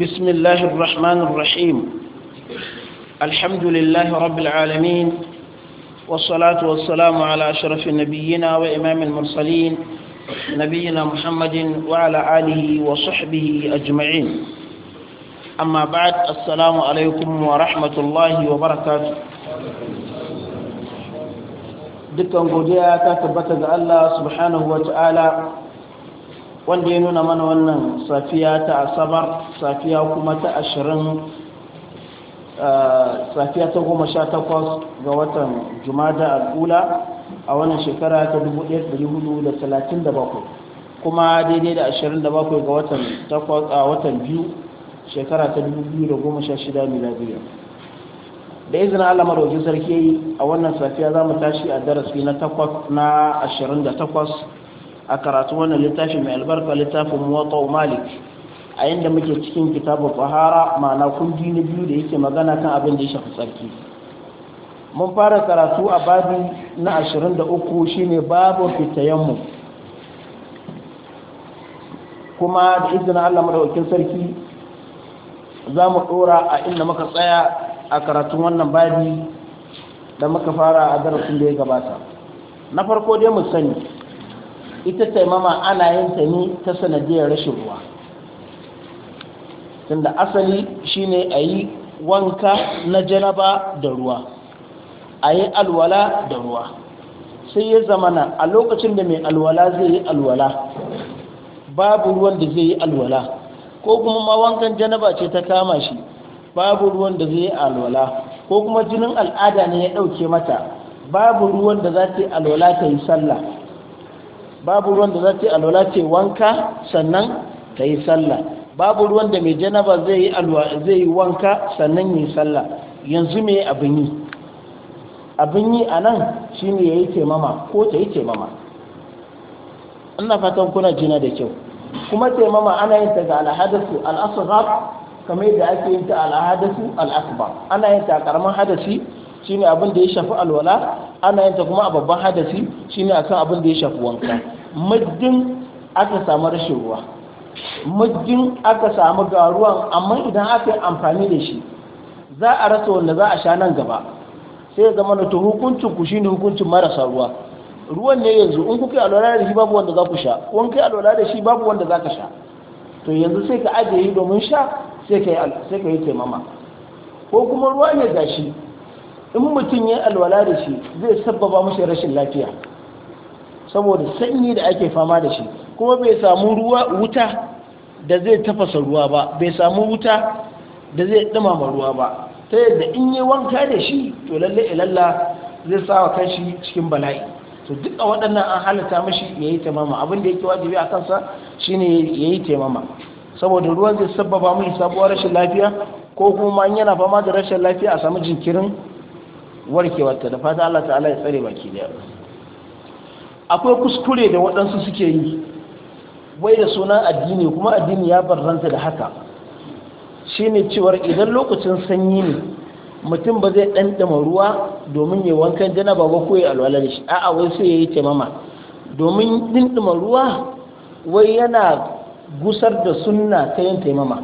بسم الله الرحمن الرحيم الحمد لله رب العالمين والصلاة والسلام على أشرف النبيين وإمام المرسلين نبينا محمد وعلى آله وصحبه أجمعين أما بعد السلام عليكم ورحمة الله وبركاته دكتور godiya ta الله سبحانه وتعالى wanda ya nuna mana wannan safiya ta asabar safiya kuma ta ashirin safiya ta goma sha takwas ga watan jumada al'ula a wannan shekara ta 1437 kuma daidai da 27 ga watan takwas a watan biyu shekara ta 2016 biyu da izinin Allah marauki sarki a wannan safiya za mu tashi a darasi na takwas na 28 a karatu wannan littafin mai albarka littafin muwatta malik a inda muke cikin kitabu fahara ma'ana kundi na biyu da yake magana kan abin da ya shafi tsarki mun fara karatu a babi na 23 shine babu fitayenmu kuma da izina Allah madawakin sarki za mu dora a inda muka tsaya a karatun wannan babi da muka fara a darasin da ya gabata na farko dai mu sani ita taimama ana yin ta ne ta sanadiyar rashin ruwa tunda asali shine a yi wanka na janaba da ruwa a yi alwala da ruwa sai ya zamana a lokacin da mai alwala zai yi alwala babu ruwan da zai yi alwala ko kuma ma wankan janaba ce ta kama shi babu ruwan da zai yi alwala ko kuma jinin al'ada ne ya ɗauke mata babu ruwan da za ta yi alwala ta yi sallah babu ruwan da za ta yi alwala ce wanka sannan ta yi sallah babu ruwan da mai janaba zai yi zai yi wanka sannan yi sallah yanzu me abin yi abin yi a nan shi ne ya yi taimama ko ta yi taimama ina fatan kuna jina da kyau kuma taimama ana yin ta ga alhadasu al-asghar kamar yadda ake yin ta alhadasu akbar ana yin ta karamin hadasi shine abin da ya shafi alwala ana yin ta kuma a babban hadasi shine akan abin da ya shafi wanka muddin aka samu rashin ruwa muddin aka samu ga ruwan amma idan aka yi amfani da shi za a rasa wanda za a sha nan gaba sai ya zama to hukuncin ku shine hukuncin marasa ruwa ruwan ne yanzu in kuka yi alwala da shi babu wanda za ku sha in kai alwala da shi babu wanda za ka sha to yanzu sai ka ajiye domin sha sai ka yi taimama ko kuma ruwa ne gashi in mutum ya alwala da shi zai sabbaba mashi rashin lafiya saboda sanyi da ake fama da shi kuma bai samu ruwa wuta da zai tafasa ruwa ba bai samu wuta da zai dumama ruwa ba ta yadda in yi wanka da shi to lalle ilalla zai sawa wa kanshi cikin bala'i to duk a waɗannan an halatta mashi ya yi taimama abin da yake wajibi a kansa shine ya yi taimama saboda ruwan zai sabbaba mai sabuwar rashin lafiya ko kuma yana fama da rashin lafiya a samu jinkirin warkewarta da fata Allah ta'ala ya tsare baki daya akwai kuskure da waɗansu suke yi wai da sunan addini kuma addini ya bar barranta da haka Shi ne cewar idan lokacin sanyi ne mutum ba zai ɗanɗama ruwa domin ya wankan jana ba ko ya alwala da shi a'a wai sai ya yi taimama domin ɗinɗima ruwa wai yana gusar da sunna ta yin taimama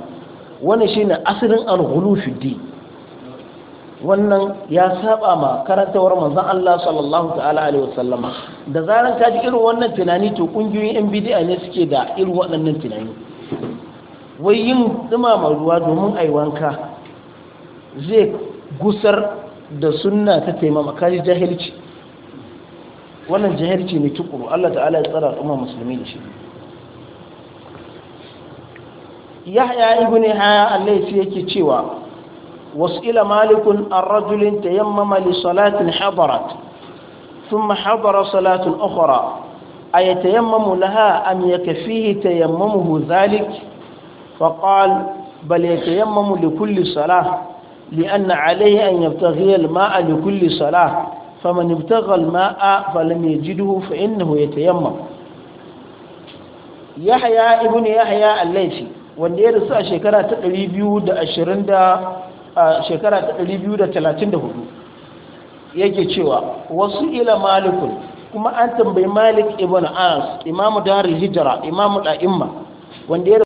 wani shi ne asirin alghulu fiddi wannan ya saba ma karantawar manzon Allah sallallahu ta'ala alaihi wasallama da zaran ka ji irin wannan tunani to kungiyoyin yan bid'a ne suke da irin waɗannan tunani wai yin dumama ruwa domin ai wanka zai gusar da sunna ta taimama kaji jahilci wannan jahilci ne tukuru Allah ta'ala ya tsara al'umma musulmi da shi yahya ibn haya Allah yake cewa وسئل مالك عن رجل تيمم لصلاة حضرت ثم حضر صلاة أخرى أيتيمم لها أم يكفيه تيممه ذلك فقال بل يتيمم لكل صلاة لأن عليه أن يبتغي الماء لكل صلاة فمن ابتغى الماء فلم يجده فإنه يتيمم يحيى ابن يحيى الليثي wanda ya rasu a shekara ta a shekara ta 234 yake cewa wasu ila malikun kuma an tambayi malik ibn as imamu darul hijra imamu da'imma wanda ya